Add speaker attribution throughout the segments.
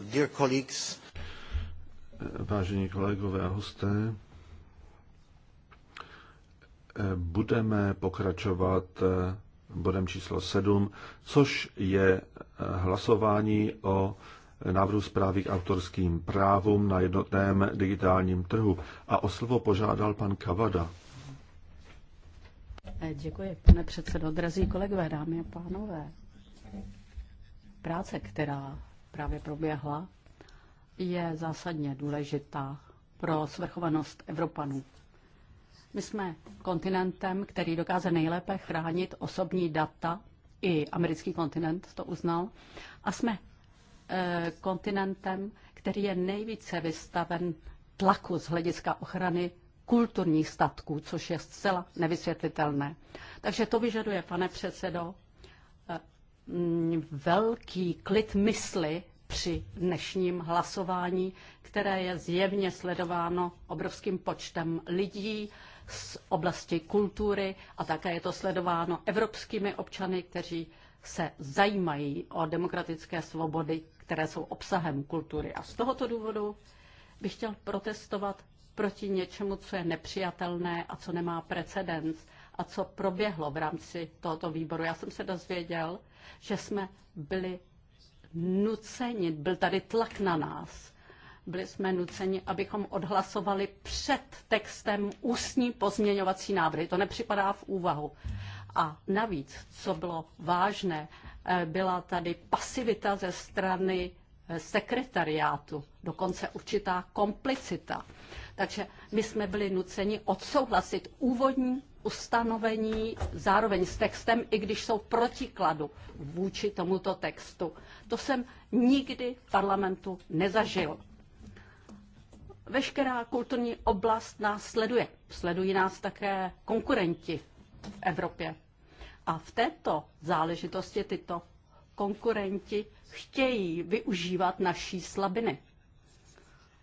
Speaker 1: Dear colleagues, Vážení kolegové a hosté, budeme pokračovat bodem číslo 7, což je hlasování o návrhu zprávy k autorským právům na jednotném digitálním trhu. A o slovo požádal pan Kavada.
Speaker 2: Děkuji, pane předsedo. Drazí kolegové, dámy a pánové, Práce, která právě proběhla, je zásadně důležitá pro svrchovanost Evropanů. My jsme kontinentem, který dokáže nejlépe chránit osobní data, i americký kontinent to uznal, a jsme e, kontinentem, který je nejvíce vystaven tlaku z hlediska ochrany kulturních statků, což je zcela nevysvětlitelné. Takže to vyžaduje, pane předsedo, eh, Mm, velký klid mysli při dnešním hlasování, které je zjevně sledováno obrovským počtem lidí z oblasti kultury a také je to sledováno evropskými občany, kteří se zajímají o demokratické svobody, které jsou obsahem kultury. A z tohoto důvodu bych chtěl protestovat proti něčemu, co je nepřijatelné a co nemá precedens a co proběhlo v rámci tohoto výboru. Já jsem se dozvěděl, že jsme byli nuceni, byl tady tlak na nás. Byli jsme nuceni, abychom odhlasovali před textem ústní pozměňovací návrhy. To nepřipadá v úvahu. A navíc, co bylo vážné, eh, byla tady pasivita ze strany eh, sekretariátu, dokonce určitá komplicita. Takže my jsme byli nuceni odsouhlasit úvodní ustanovení zároveň s textem, i když jsou v protikladu vůči tomuto textu. To jsem nikdy v parlamentu nezažil. Veškerá kulturní oblast nás sleduje. Sledují nás také konkurenti v Evropě. A v této záležitosti tyto konkurenti chtějí využívat naší slabiny.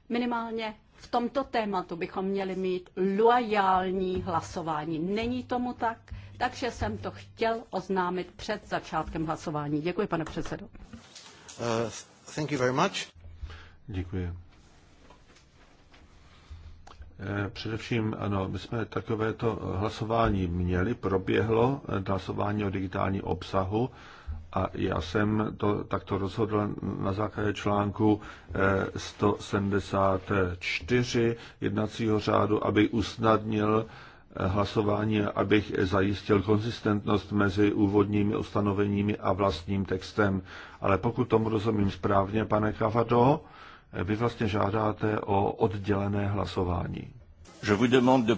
Speaker 2: Minimálně v tomto tématu bychom měli mít loajální hlasování. Není tomu tak, takže jsem to chtěl oznámit před začátkem hlasování. Děkuji, pane
Speaker 3: předsedo.
Speaker 1: Uh, thank you very much. Děkuji. Eh, především, ano, my jsme takovéto hlasování měli, proběhlo hlasování o digitální obsahu a já jsem to takto rozhodl na základě článku 174 eh, jednacího řádu, aby usnadnil eh, hlasování, abych zajistil konzistentnost mezi úvodními ustanoveními a vlastním textem. Ale pokud tomu rozumím správně, pane Kavado, eh, vy vlastně žádáte o oddělené hlasování. Je vous demande de...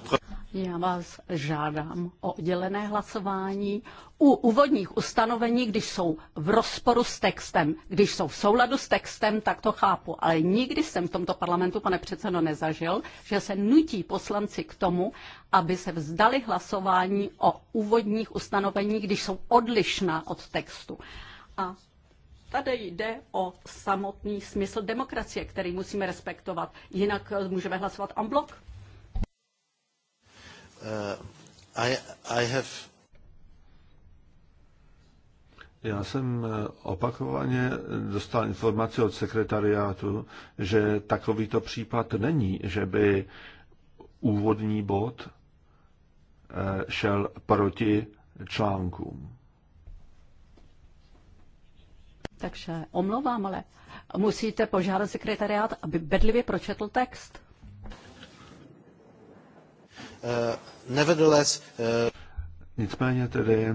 Speaker 2: Já vás žádám o oddělené hlasování u úvodních ustanovení, když jsou v rozporu s textem. Když jsou v souladu s textem, tak to chápu. Ale nikdy jsem v tomto parlamentu, pane předsedo, nezažil, že se nutí poslanci k tomu, aby se vzdali hlasování o úvodních ustanovení, když jsou odlišná od textu. A Tady jde o samotný smysl demokracie, který musíme respektovat. Jinak můžeme hlasovat en bloc.
Speaker 1: Uh, I, I have... Já jsem uh, opakovaně dostal informaci od sekretariátu, že takovýto případ není, že by úvodní bod uh, šel proti článkům.
Speaker 2: Takže omlouvám, ale musíte požádat sekretariát, aby bedlivě pročetl
Speaker 1: text. Uh, uh, Nicméně tedy,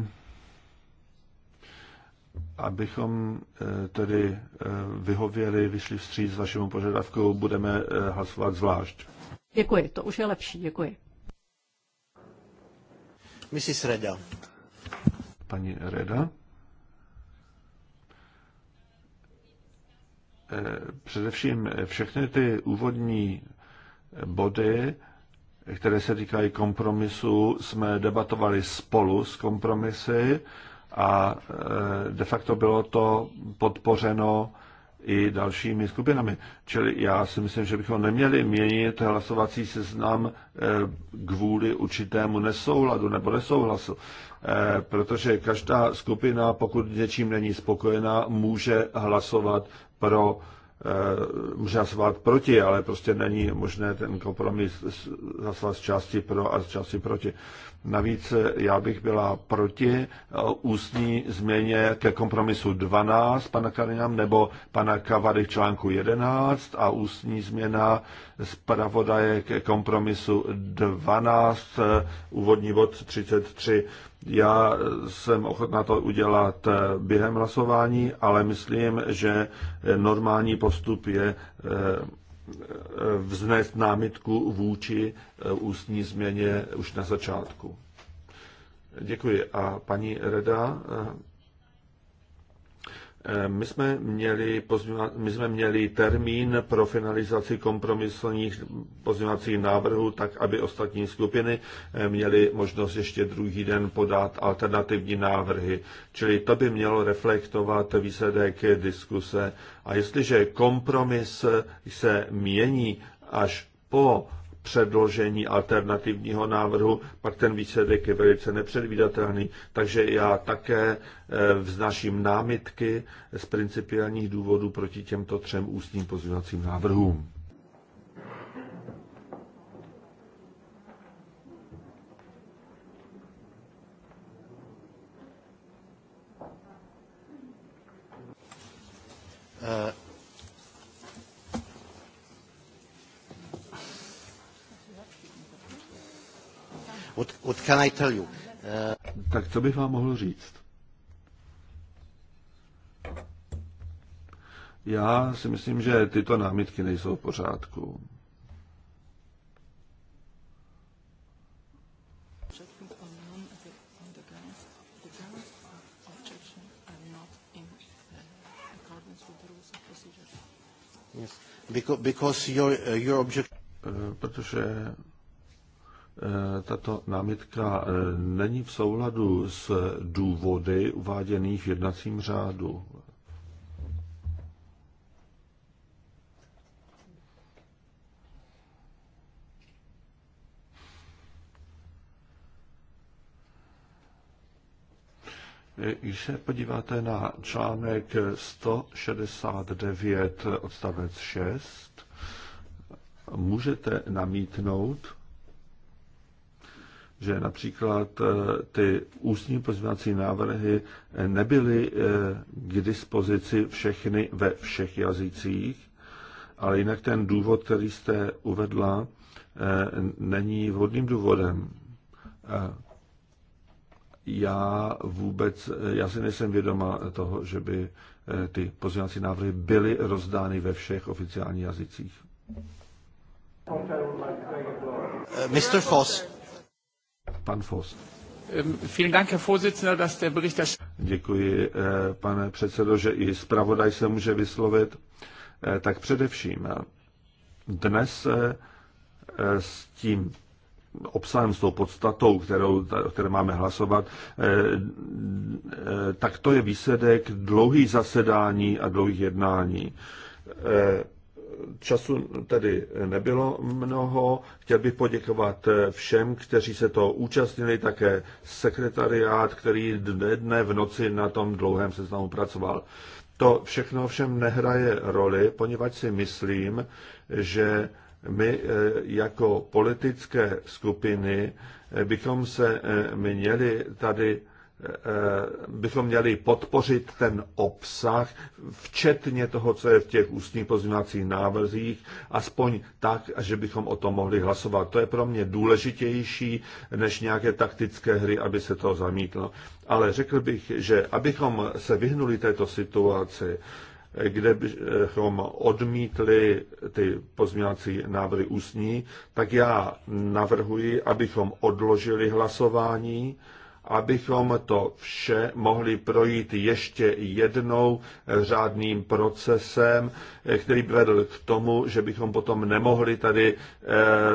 Speaker 1: abychom eh, tedy eh, vyhověli, vyšli vstříc vašemu požadavku, budeme eh, hlasovat zvlášť.
Speaker 2: Děkuji, to už je lepší, děkuji.
Speaker 3: Mrs. Reda.
Speaker 1: Paní Reda. Především všechny ty úvodní body které se týkají kompromisu, jsme debatovali spolu s kompromisy a eh, de facto bylo to podpořeno i dalšími skupinami. Čili já si myslím, že bychom neměli měnit hlasovací seznam eh, kvůli určitému nesouladu nebo nesouhlasu, eh, protože každá skupina, pokud něčím není spokojená, může hlasovat pro Eh, může hlasovat proti, ale prostě není možné ten kompromis zaslat z části pro a z části proti. Navíc eh, já bych byla proti eh, ústní změně ke kompromisu 12 pana Karinam nebo pana Kavary v článku 11 a ústní změna pravodaje ke kompromisu 12 úvodní bod 33. Já jsem ochotná to udělat eh, během hlasování, ale myslím, že normální postup je eh, eh, vznést námitku vůči ústní změně už na začátku. Děkuji. A paní Reda my jsme, měli, my jsme měli termín pro finalizaci kompromisních pozměňovacích návrhů, tak aby ostatní skupiny eh, měly možnost ještě druhý den podat alternativní návrhy. Čili to by mělo reflektovat výsledek diskuse. A jestliže kompromis se mění až po předložení alternativního návrhu, pak ten výsledek je velice nepředvídatelný. Takže já také eh, vznáším námitky z principiálních důvodů proti těmto třem ústním pozvědacím návrhům. Uh What, what can I tell you? Uh... Tak co bych vám mohl říct? Já si myslím, že tyto námitky nejsou v pořádku. Yes. Because, because your, eh, your object... Eh, protože Eh, tato námitka eh, není v souladu s důvody uváděných v jednacím řádu. Eh, když se podíváte na článek 169 odstavec 6, můžete namítnout, že například eh, ty ústní pozměňovací návrhy eh, nebyly eh, k dispozici všechny ve všech jazycích, ale jinak ten důvod, který jste uvedla, není vhodným důvodem. Já vůbec, já si nejsem vědoma toho, že by ty pozměňovací návrhy byly rozdány ve všech oficiálních jazycích. Mr. Foss, Pan ehm, Děkuji, eh, pane předsedo, že i zpravodaj se může vyslovit. Eh, tak především, eh, dnes s tím obsahem, s tou podstatou, kterou, které máme hlasovat, tak to je výsledek dlouhých zasedání a dlouhých jednání. Času tedy nebylo mnoho. Chtěl bych poděkovat všem, kteří se to účastnili, také sekretariát, který dne, dne v noci na tom dlouhém seznamu pracoval. To všechno všem nehraje roli, poněvadž si myslím, že my eh, jako politické skupiny eh, bychom se eh, měli tady Eh, bychom měli podpořit ten obsah, včetně toho, co je v těch ústních pozměňovacích návrzích, aspoň tak, že bychom o tom mohli hlasovat. To je pro mě důležitější než nějaké taktické hry, aby se to zamítlo. Ale řekl bych, že abychom se vyhnuli této situaci, kde bychom odmítli ty pozměňovací návrhy ústní, tak já navrhuji, abychom odložili hlasování, abychom to vše mohli projít ještě jednou řádným procesem, eh, který by vedl k tomu, že bychom potom nemohli tady eh,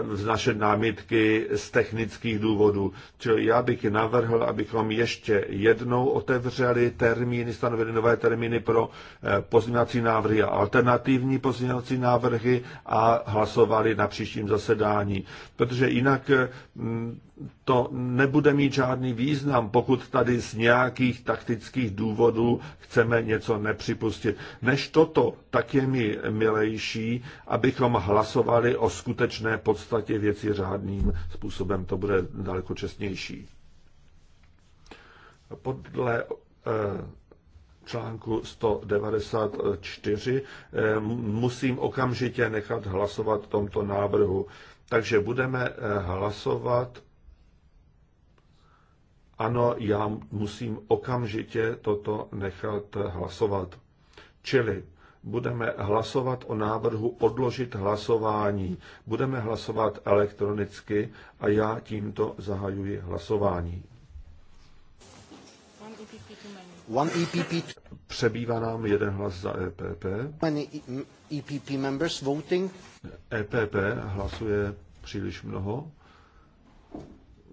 Speaker 1: vznašet námitky z technických důvodů. Čili já bych navrhl, abychom ještě jednou otevřeli termíny, stanovili nové termíny pro eh, pozměňovací návrhy a alternativní pozměňovací návrhy a hlasovali na příštím zasedání. Protože jinak mm, to nebude mít žádný význam význam, pokud tady z nějakých taktických důvodů chceme něco nepřipustit. Než toto, tak je mi milejší, abychom hlasovali o skutečné podstatě věci řádným způsobem. To bude daleko čestnější. Podle eh, článku 194 eh, musím okamžitě nechat hlasovat tomto návrhu. Takže budeme eh, hlasovat ano, já musím okamžitě toto nechat hlasovat. Čili budeme hlasovat o návrhu odložit hlasování. Budeme hlasovat elektronicky a já tímto zahajuji hlasování. One EPP. Přebývá nám jeden hlas za EPP. Many EPP members voting? EPP hlasuje příliš mnoho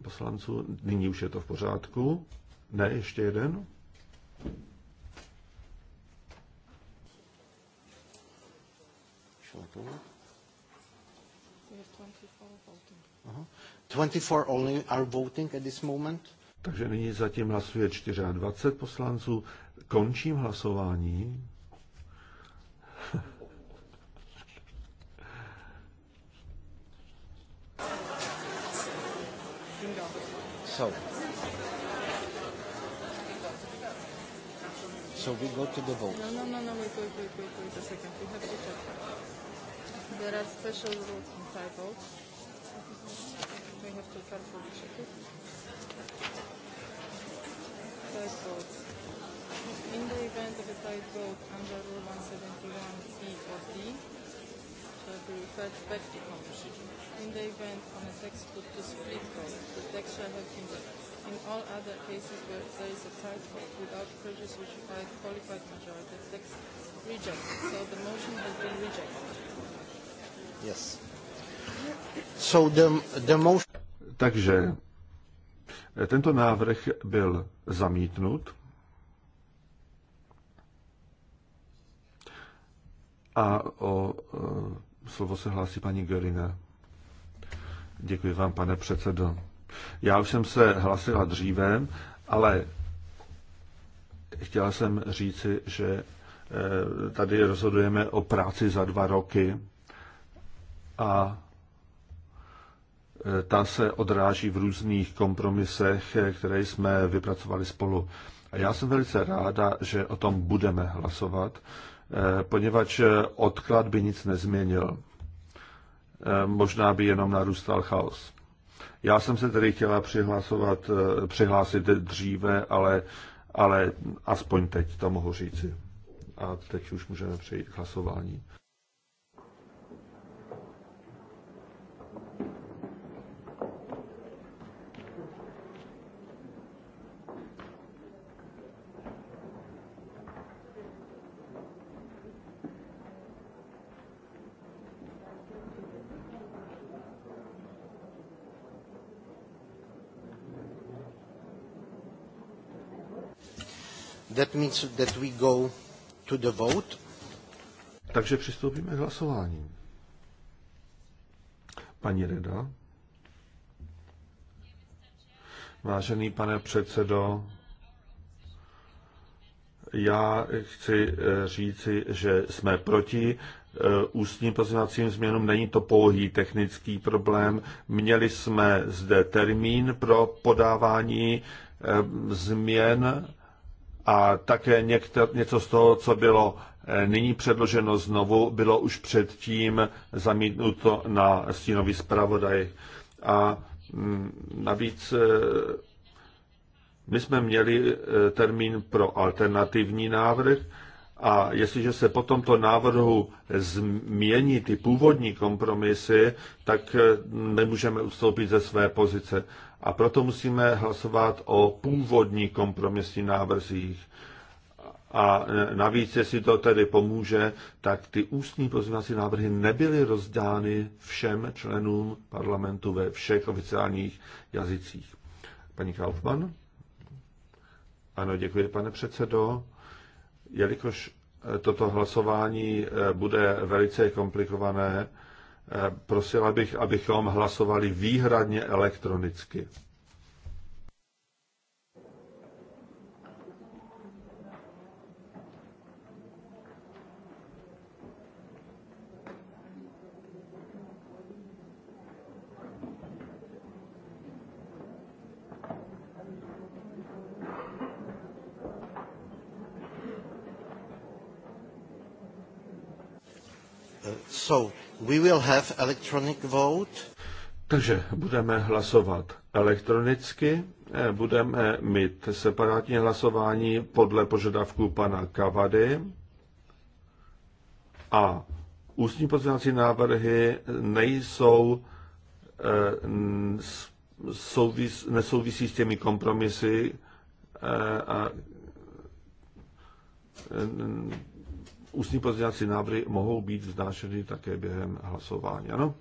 Speaker 1: poslanců. Nyní už je to v pořádku. Ne, ještě jeden. 24 only are voting at this moment. Takže nyní zatím hlasuje 24 poslanců. Končím hlasování. So, so we go to the vote. No,
Speaker 2: no, no, no, wait, wait, wait, wait, wait a second. We have to check. There are special rules in Thai votes. We have to carefully check it. Thai votes. In the event of a Thai vote under Rule 171C or D, referred Commission. In the event on a to split vote, the text shall have been read. In all other cases where there is a tight vote without prejudice which required qualified majority, the text rejected. So the motion has been rejected. Yes.
Speaker 1: So the, the motion... Takže eh, tento návrh byl zamítnut. A o eh, slovo se hlásí paní Gerina. Děkuji vám, pane předsedo. Já už jsem se hlasila dříve, ale chtěla jsem říci, že eh, tady rozhodujeme o práci za dva roky a eh, ta se odráží v různých kompromisech, eh, které jsme vypracovali spolu. A já jsem velice ráda, že o tom budeme hlasovat, Eh, poněvadž eh, odklad by nic nezměnil. Eh, možná by jenom narůstal chaos. Já jsem se tedy chtěla přihlásovat, přihlásit dříve, ale, ale aspoň teď to mohu říci. A teď už můžeme přejít k hlasování. That means that we go to the vote. Takže přistoupíme k hlasování. Paní Reda. Vážený pane předsedo, já chci eh, říci, že jsme proti eh, ústním pozměňovacím změnům. Není to pouhý technický problém. Měli jsme zde termín pro podávání eh, změn a také někter, něco z toho, co bylo eh, nyní předloženo znovu, bylo už předtím zamítnuto na stínový zpravodaj. A mm, navíc eh, my jsme měli eh, termín pro alternativní návrh a jestliže se po tomto návrhu změní ty původní kompromisy, tak nemůžeme ustoupit ze své pozice. A proto musíme hlasovat o původní kompromisní návrzích. A navíc, jestli to tedy pomůže, tak ty ústní pozměňovací návrhy nebyly rozdány všem členům parlamentu ve všech oficiálních jazycích. Paní Kaufmann? Ano, děkuji, pane předsedo. Jelikož toto hlasování eh, bude velice komplikované, prosila bych, abychom hlasovali výhradně elektronicky. So We will have electronic vote. Takže budeme hlasovat elektronicky, eh, budeme mít separátní hlasování podle požadavků pana Kavady a ústní pozměňovací návrhy nejsou eh, souvis, nesouvisí s těmi kompromisy eh, a ústní pozměňovací návrhy mohou být vznášeny také během hlasování. Ano?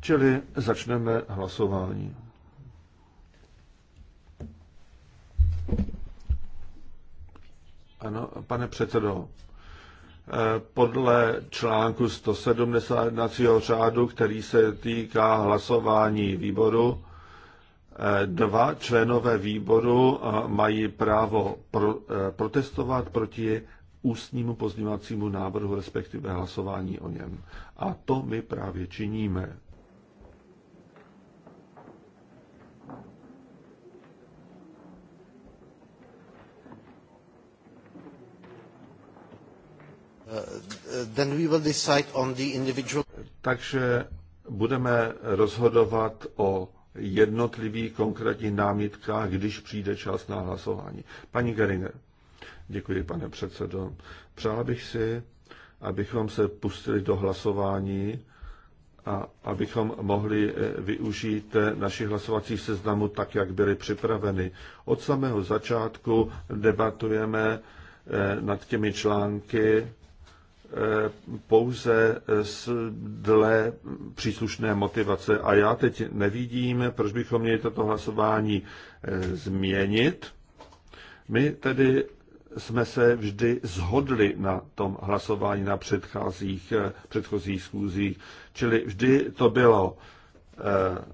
Speaker 1: Čili začneme hlasování. Ano, pane předsedo, eh, podle článku 170 jednacího řádu, který se týká hlasování výboru, eh, dva členové výboru eh, mají právo protestovat proti ústnímu pozdňovacímu návrhu, respektive hlasování o něm. A to my právě činíme. Uh, then we will decide on the individual... Takže budeme rozhodovat o jednotlivých konkrétních námitkách, když přijde čas na hlasování. Paní Geringer. Děkuji, pane předsedo. Přál bych si, abychom se pustili do hlasování a abychom mohli eh, využít eh, našich hlasovacích seznamů tak, jak byly připraveny. Od samého začátku debatujeme eh, nad těmi články pouze dle příslušné motivace. A já teď nevidím, proč bychom měli toto hlasování změnit. My tedy jsme se vždy zhodli na tom hlasování na předcházích, eh, předchozích schůzích. Čili vždy to bylo eh,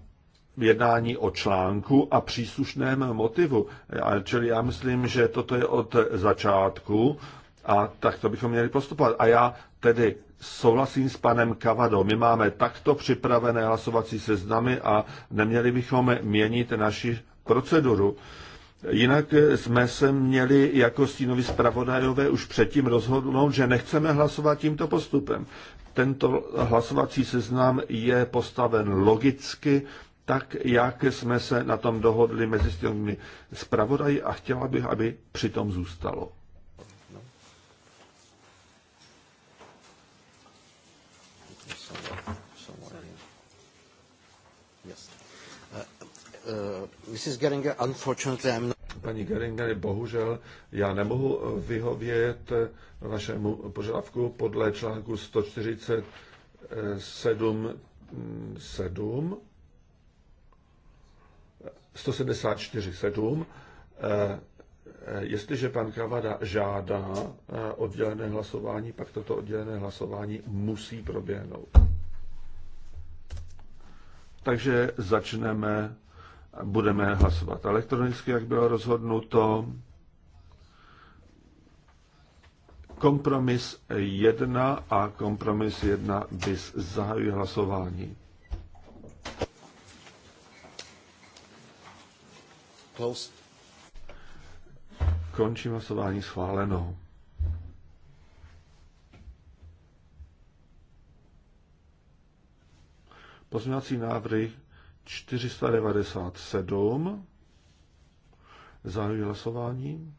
Speaker 1: jednání o článku a příslušném motivu. Čili já myslím, že toto je od začátku a tak to bychom měli postupovat. A já tedy souhlasím s panem Kavadou. My máme takto připravené hlasovací seznamy a neměli bychom měnit naši proceduru. Jinak eh, jsme se měli jako stínovi zpravodajové už předtím rozhodnout, že nechceme hlasovat tímto postupem. Tento hlasovací seznam je postaven logicky, tak jak jsme se na tom dohodli mezi stínovými zpravodají a chtěla bych, aby přitom zůstalo. No. Uh, Paní Geringer, bohužel já nemohu uh, vyhovět uh, vašemu požadavku podle článku 147 7, 174 7, jestliže pan Kavada žádá oddělené hlasování, pak toto oddělené hlasování musí proběhnout. Takže začneme budeme hlasovat elektronicky, jak bylo rozhodnuto. Kompromis 1 a kompromis 1 bis zahajuje hlasování. Close. Končím hlasování schváleno. Pozměňovací návrhy 497. Zahajuji hlasování.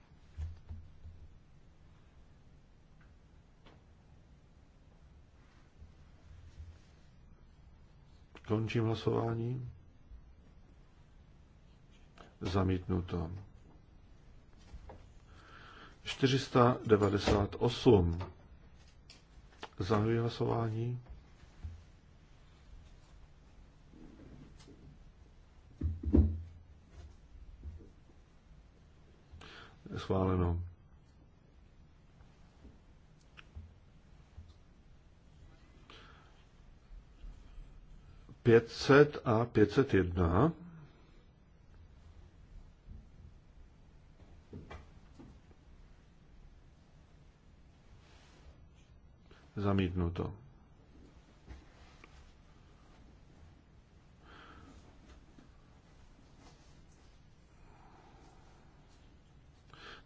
Speaker 1: Končím hlasování. Zamítnuto. 498. Zahajuji hlasování. Schváleno. Pětset a pětset jedna. Zamítnuto.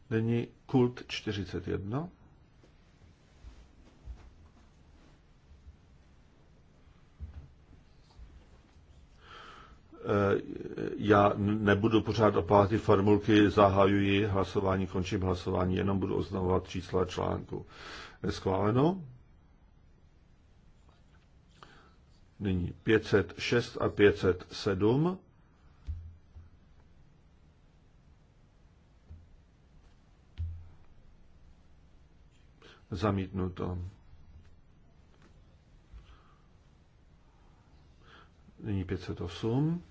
Speaker 1: Není kult 41. Eh, já nebudu pořád opávat ty formulky, zahajuji hlasování, končím hlasování, jenom budu oznamovat čísla článku. Neschváleno. Eh, Nyní 506 a 507. Zamítnuto. Nyní 508.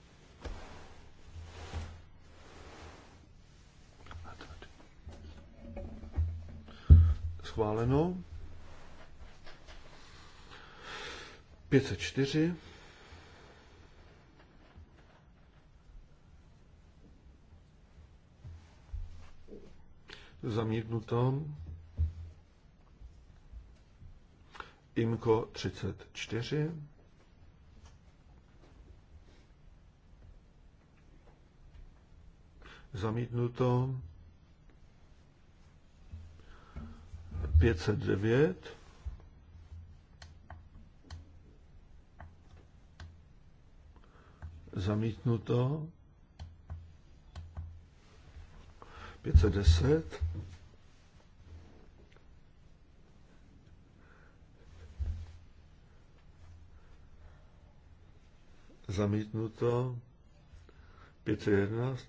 Speaker 1: Schváleno. 504. Zamítnuto. IMKO 34. Zamítnuto 509. Zamítnuto 510. zamítnuto 511.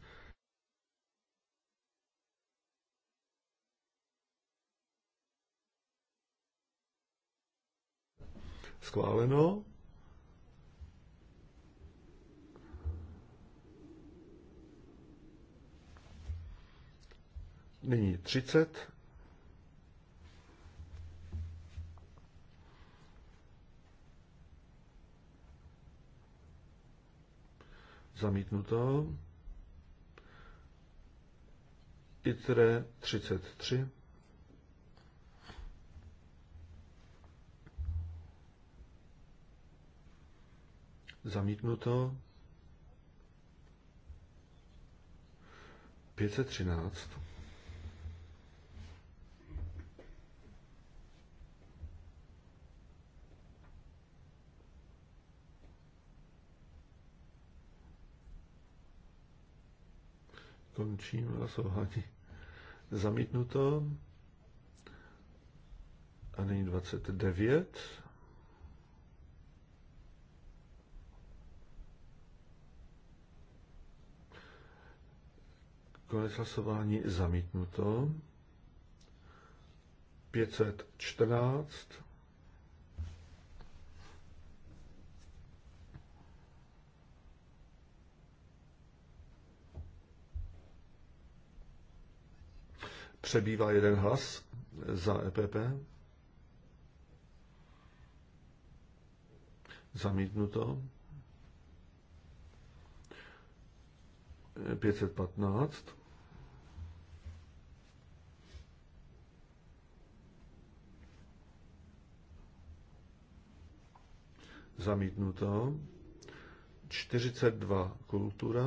Speaker 1: Schváleno. Nyní 30. Zamítnuto. ITRE 33. Zamítnuto. 513. Končím hlasování. Zamítnuto. A nyní 29. Konec hlasování zamítnuto. 514. přebývá jeden hlas za EPP. Zamítnuto. 515. Zamítnuto. 42 kultura.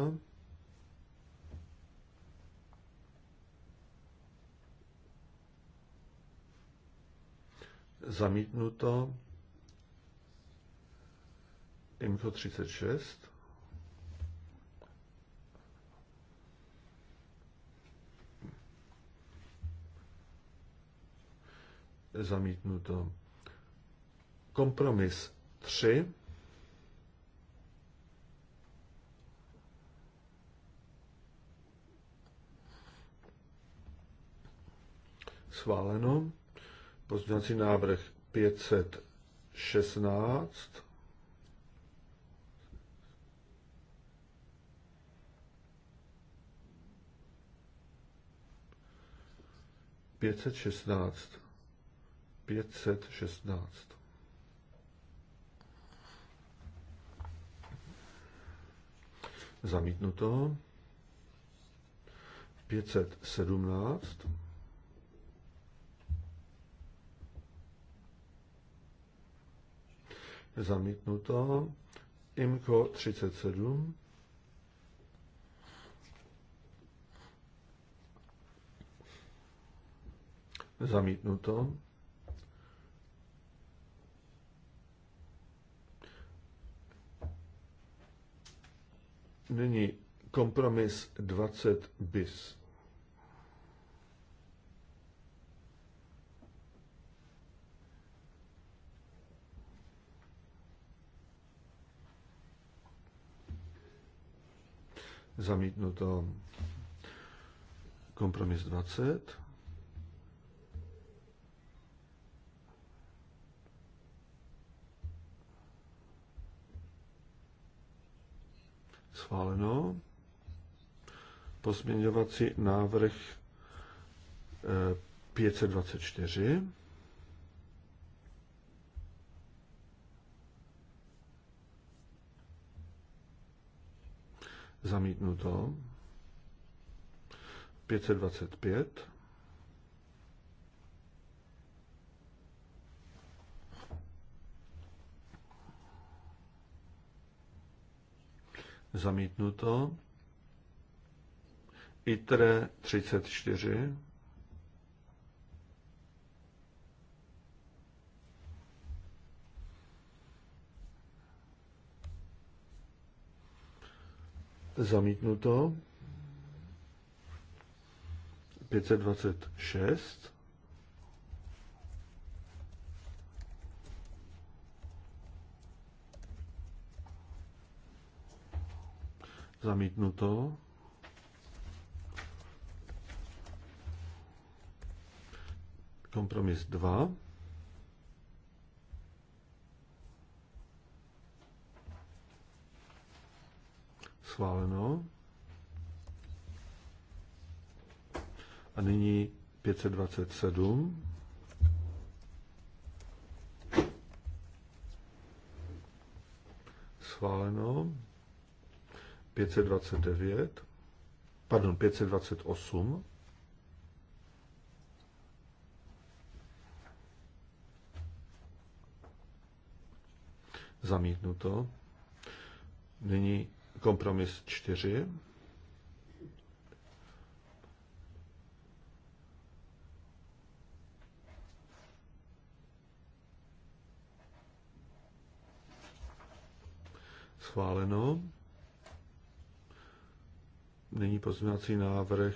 Speaker 1: zamítnuto. Info 36. Zamítnuto. Kompromis 3. Schváleno. Pozměňovací návrh 516. Pětset šestnáct. Pětset šestnáct. Zamítnuto. Pětset sedmnáct. zamítnuto. IMCO 37. Zamítnuto. Nyní kompromis 20 bis. Zamítnuto kompromis 20. Schváleno. Pozměňovací návrh 524. Eh, zamítnuto. 525. Zamítnuto. ITRE 34. zamítnuto. 526. Zamítnuto. kompromis 2. schváleno. A nyní 527. Schváleno. 529. Pardon, 528. Zamítnuto. Nyní kompromis 4. Schváleno. Nyní pozměňovací návrh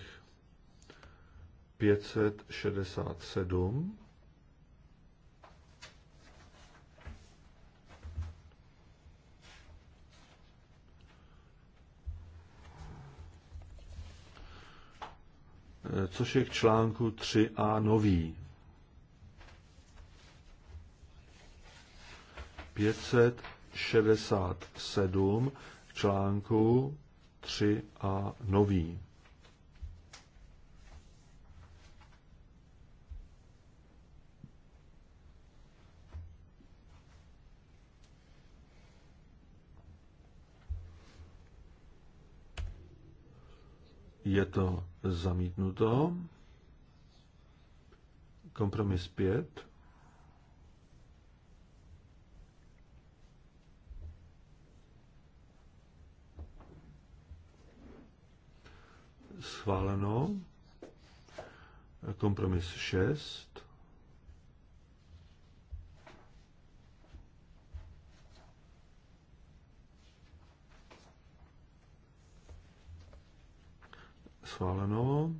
Speaker 1: 567. což je k článku 3a nový. 567 k článku 3a nový. Je to zamítnuto. Kompromis 5. Schváleno. Kompromis 6. schváleno.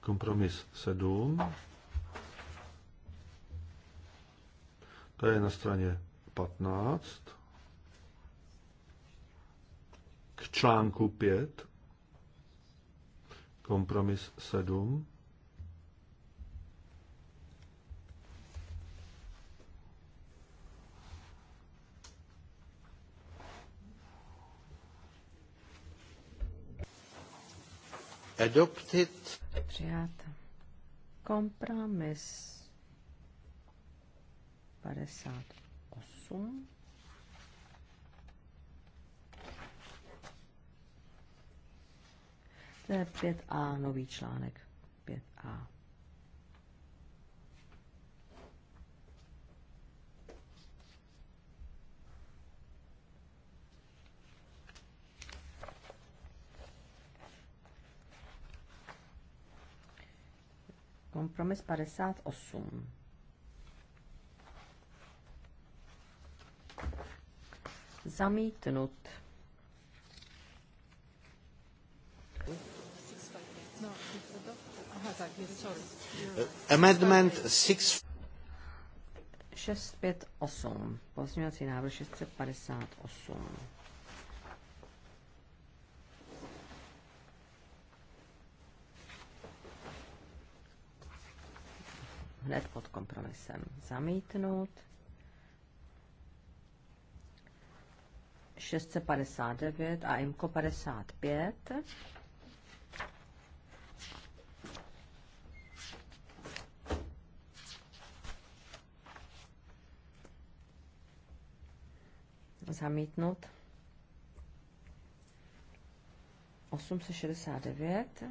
Speaker 1: Kompromis 7. To je na straně 15. K článku 5. Kompromis 7.
Speaker 3: Adopted. Přijat. Kompromis 58. To je 5a, nový článek 5a. Kompromis 58. Zamítnut.
Speaker 1: Amendment
Speaker 3: 658. Pozměňovací návrh 658. hned pod kompromisem zamítnout. 659 a IMCO 55. Zamítnout. 869.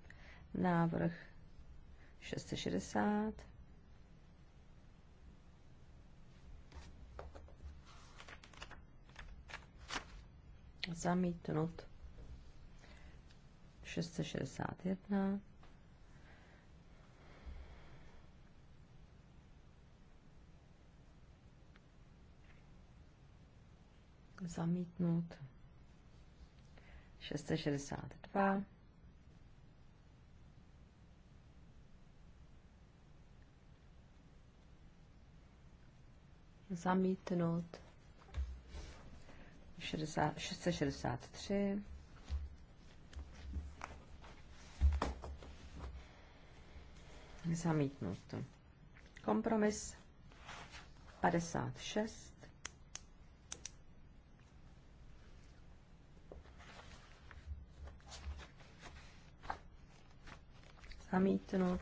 Speaker 3: návrh 660. Zamítnut 661. Zamítnut 662. zamítnout. 663. Zamítnout. Kompromis 56. Zamítnout.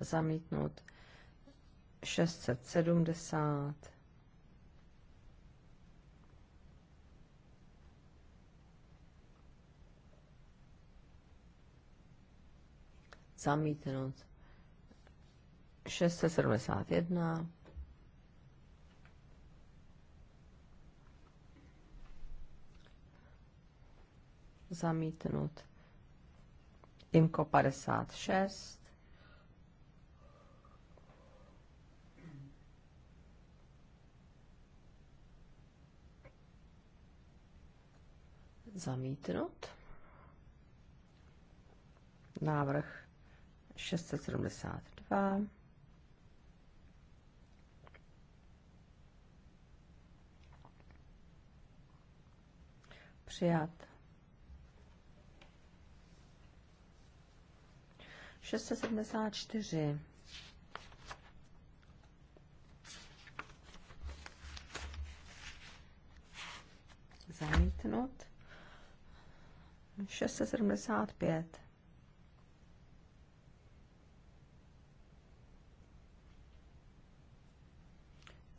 Speaker 3: zamítnut 670. Zamítnut 671. Zamítnut. Imko 56. zamítnout Návrh 672. Přijat. 674. Zamítnout. 675.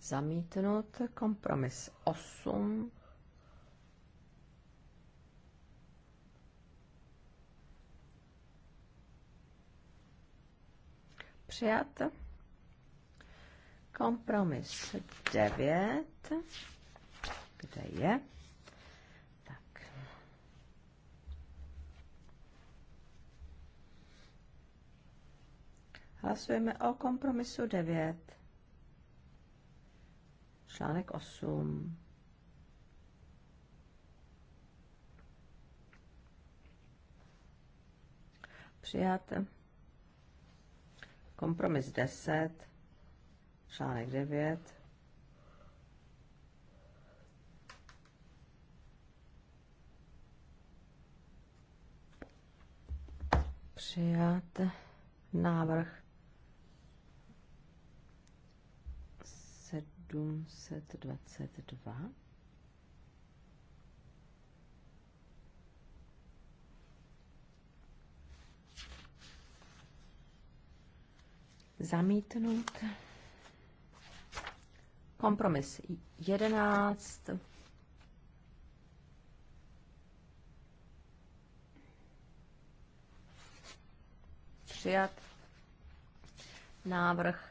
Speaker 3: Zamítnut kompromis 8. Přijat. Kompromis 9. Kde je? Hlasujeme o kompromisu 9. Článek 8. Přijat. Kompromis 10. Článek 9. Přijat návrh 722. Zamítnout. Kompromis 11. Přijat návrh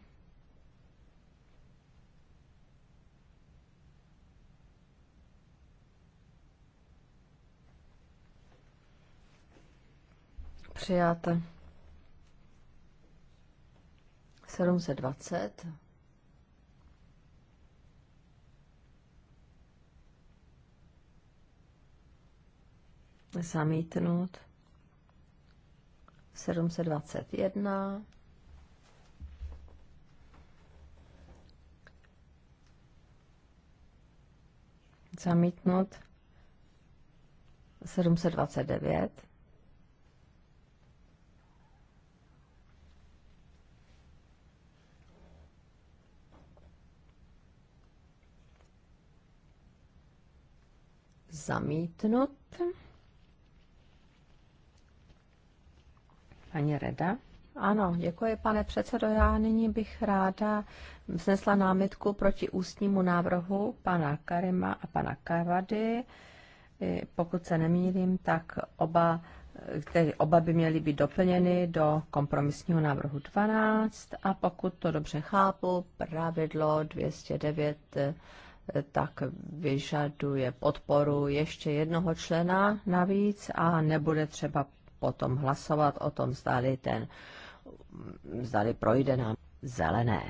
Speaker 3: Přijat. 720. Zamítnut. 721. Zamítnut. 729. zamítnut. Paní Reda. Ano, děkuji, pane předsedo. Já nyní bych ráda vznesla námitku proti ústnímu návrhu pana Karima a pana Kavady. Pokud se nemýlím, tak oba, tedy oba by měly být doplněny do kompromisního návrhu 12 a pokud to dobře chápu, pravidlo 209 tak vyžaduje podporu ještě jednoho člena navíc a nebude třeba potom hlasovat o tom, zdali ten, zdali projde nám zelené.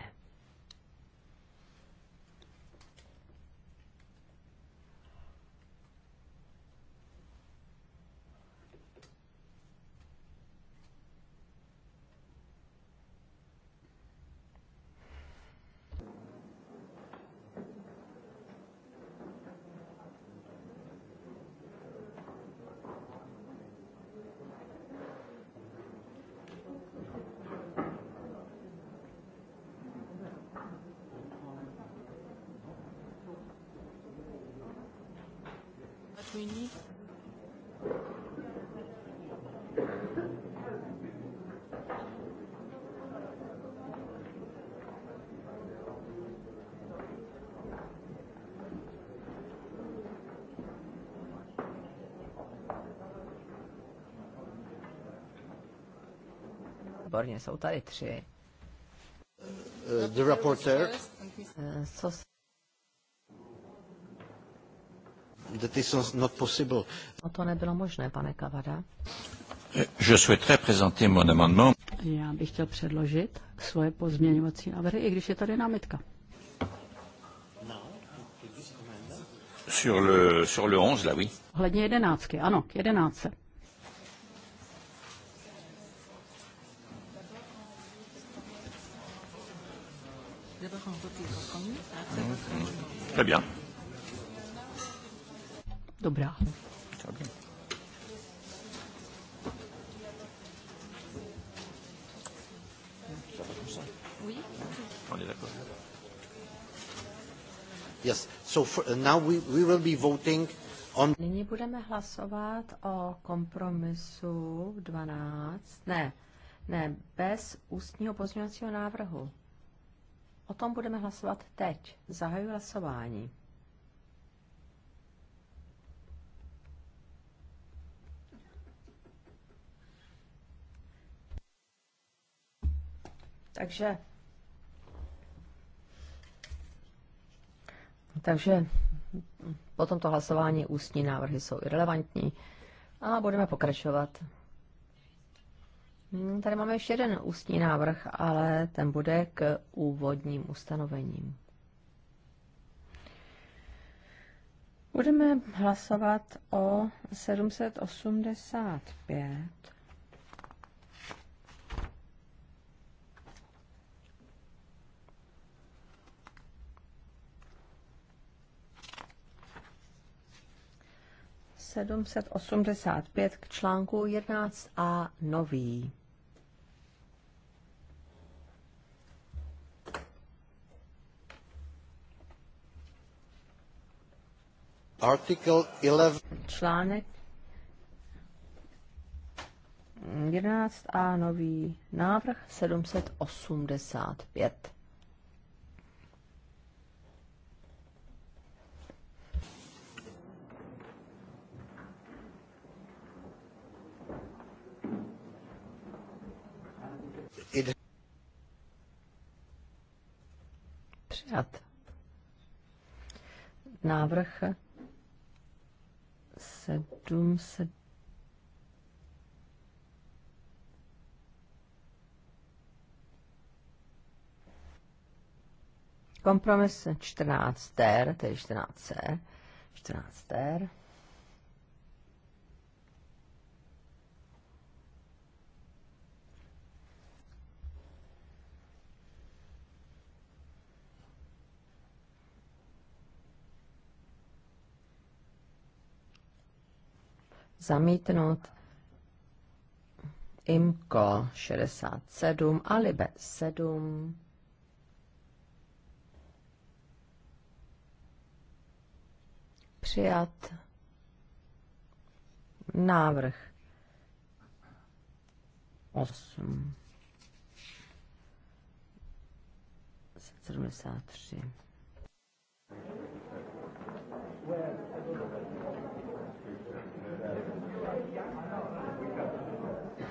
Speaker 3: Quindi Výborně, jsou tady tři.
Speaker 1: Eh, the rapporteur. Eh,
Speaker 3: co
Speaker 2: that not possible.
Speaker 3: No to nebylo možné, pane Kavada. Je souhaiterais présenter mon amendement.
Speaker 2: Já bych chtěl předložit svoje pozměňovací návrhy, i když je tady námitka.
Speaker 1: Sur le, sur le 11, là, oui.
Speaker 2: Hledně jedenáctky, ano, k jedenáctce. Très bien dobrá.
Speaker 3: Nyní budeme hlasovat o kompromisu 12. Ne, ne, bez ústního pozměňovacího návrhu. O tom budeme hlasovat teď. Zahajuji hlasování. Takže, takže po tomto hlasování ústní návrhy jsou irrelevantní a budeme pokračovat. Hmm, tady máme ještě jeden ústní návrh, ale ten bude k úvodním ustanovením. Budeme hlasovat o 785. 785 k článku 11a nový. Article 11. Článek 11a nový návrh 785. návrh 700 Kompromis 14 ter, tedy 14 c, 14 ter. zamítnout Imko 67 a Libe 7. Přijat návrh 8. 73. Where?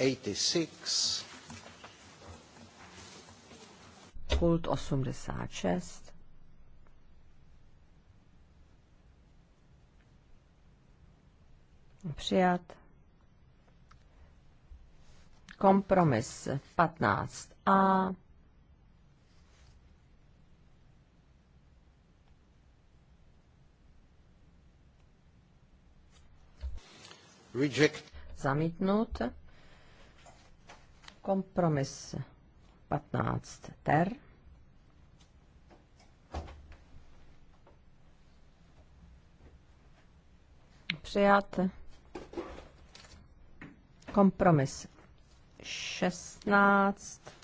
Speaker 3: 86. Kult 86. Přijat. Kompromis 15a. Reject. Zamítnout. Kompromis 15 ter. Přijat. Kompromis 16